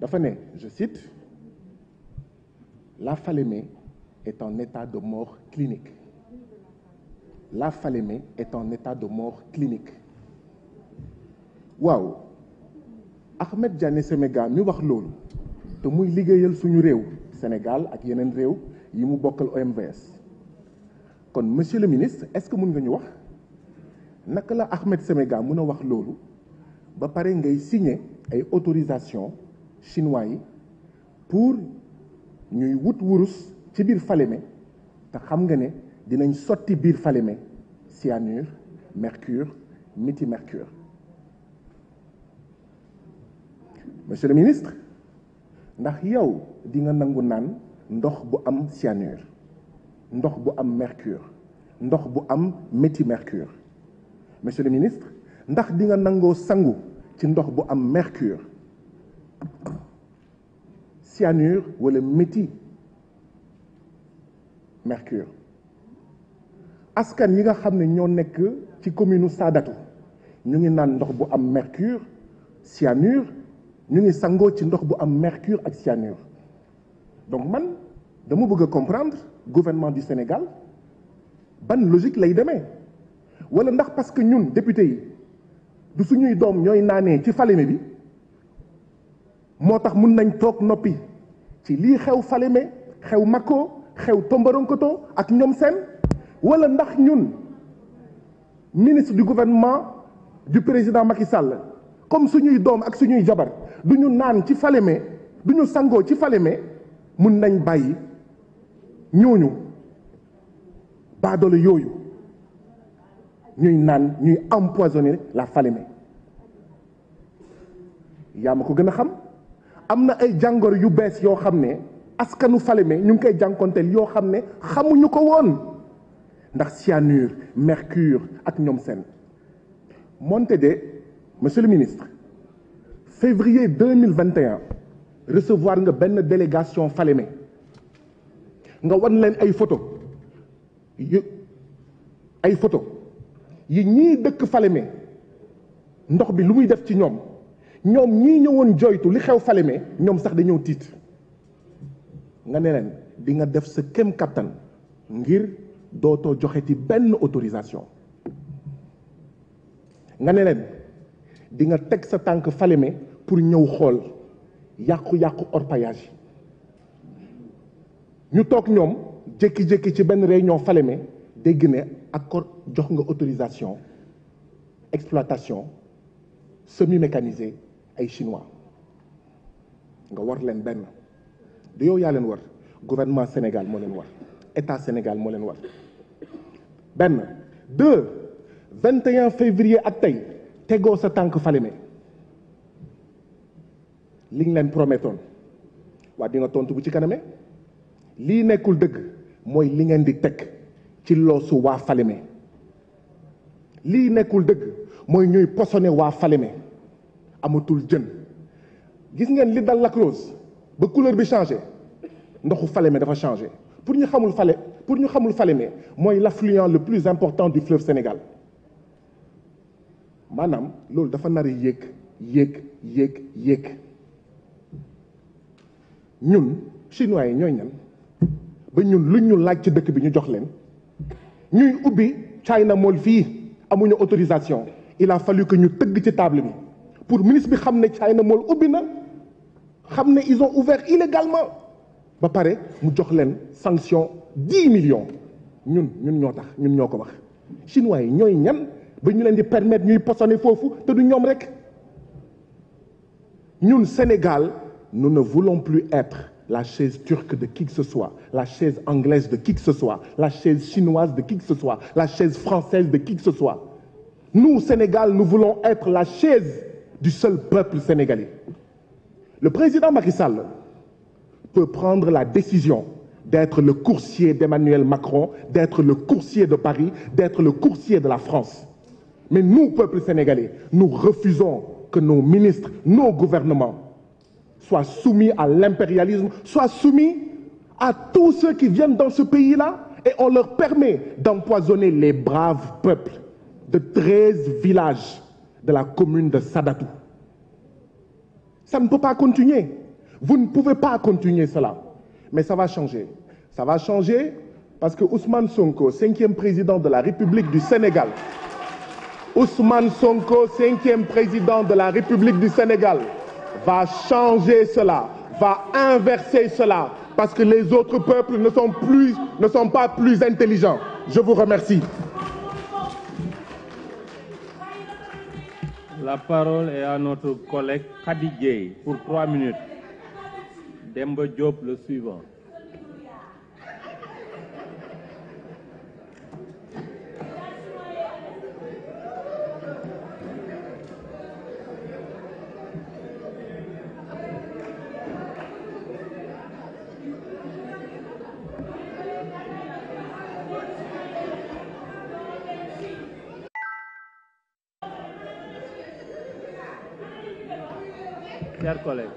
dafa ne je cite la Falémé est en état de mort clinique la Falémé est en état de mort clinique waaw Ahmed Diané Séméga mi wax loolu te muy liggéeyal suñu réew Sénégal ak yeneen réew yi mu bokkal OMVS kon monsieur le ministre est-ce que mun nga ñu wax naka la Ahmed Séméga mën a wax loolu ba pare ngay signe ay autorisation chinois yi pour ñuy wut wurus ci biir Falémé te xam nga ne dinañ sotti biir Falémé cyanure mercure miti mercure monsieur le ministre ndax yow di nga nangu naan ndox bu am cyanure ndox bu am mercure ndox bu am méti mercure monsieur le ministre ndax dinga nga nangoo sangu ci ndox bu am mercure cyanure wala méti mercure askan yi nga xam ne ñoo nekk ci commune Sadatu ñu ngi naan ndox bu am mercure cyanure ñu ngi sangoo ci ndox bu am mercure ak cyanure donc man dama bëgg a comprendre gouvernement du Sénégal ban logique lay demee wala ndax parce que ñun député yi du suñuy doom ñooy naanee ci Falémé bi moo tax mun nañ toog noppi ci lii xew Falémé xew Makko xew Tomboronkoto ak ñoom seen wala ndax ñun ministre du gouvernement du président Macky Sall comme suñuy doom ak suñuy jabar du ñu naan ci Falémé du ñu sangoo ci Falémé mun nañ bàyyi ñooñu baadoole yooyu ñuy naan ñuy empoisonner la Falémé yaa ma ko gën a xam. am na ay jàngoro yu bees yoo xam ne askanu Falémé ñu ngi koy jànkonteel yoo xam ne xamuñu ko woon ndax cyanure mercure ak ñoom seen moonte de monsieur le ministre février mille vingt et recevoir nga benn délégation Falémé nga wan leen ay photo yu ay photo yi ñii dëkk Falémé ndox bi lu muy def ci ñoom. ñoom ñii ñëwoon joytu li xew Falémé ñoom sax dañoo tiit nga ne leen di nga def sa kem kattan ngir dootoo ti benn autorisation nga ne leen di nga teg sa tànk Falémé pour ñëw xool yàqu-yàqu orpaillage ñu toog ñoom jékki-jékki ci benn réunion Falémé dégg ne accord jox nga autorisation exploitation semi mécanisée ay chinois nga war leen benn du yow yaa leen war gouvernement Sénégal moo leen war état Sénégal moo leen war benn deux vingt et un février ak tey tegoo sa tànk Falémé liñ leen promettoon waa di tontu bu ci kaname lii nekkul dëgg mooy li ngeen di teg ci loosu waa Falémé lii nekkul dëgg mooy ñuy posone waa Falémé amatul jën gis ngeen li dal la Rose ba couleur bi changé ndoxu Falémé dafa changé pour ñu xamul fale pour ñu xamul Falémé mooy la l'affluent le plus important du fleuve Sénégal maanaam loolu dafa nari a yéeg yéeg yéeg yéeg ñun chinois yi ñooy ñan ba ñun lu ñu laaj ci dëkk bi ñu jox leen ñuy ubbi China mool fii amuñu autorisation il a fallu ñu tëgg ci table bi pour ministre bi xam ne China mool ubbi na xam ne ils ont ouvert illégalement ba pare mu jox leen sanction dix millions ñun ñun ñoo tax ñun ñoo ko wax chinois yi ñooy ñan ba ñu leen di permettre ñuy posone foofu te du ñoom rek ñun Sénégal nous ne voulons plus être la chaise turque de qui que ce soit la chaise anglaise de qui que ce soit la chaise chinoise de qui que ce soit la chaise française de qui que ce soit nous Sénégal nous voulons être la chaise du seul peuple sénégalais. Le président Macky Sall peut prendre la décision d'être le coursier d'Emmanuel Macron, d'être le coursier de Paris, d'être le coursier de la France. Mais nous, peuple sénégalais, nous refusons que nos ministres, nos gouvernements soient soumis à l'impérialisme, soient soumis à tous ceux qui viennent dans ce pays-là et on leur permet d'empoisonner les braves peuples de 13 villages de la commune de Sadatou. Ça ne peut pas continuer. Vous ne pouvez pas continuer cela. Mais ça va changer. Ça va changer parce que Ousmane Sonko, cinquième président de la République du Sénégal, Ousmane Sonko, cinquième président de la République du Sénégal, va changer cela, va inverser cela, parce que les autres peuples ne sont, plus, ne sont pas plus intelligents. Je vous remercie. La parole est à notre collègue Khady Dieye pour trois minutes. Demba Diop, le suivant. chers collègues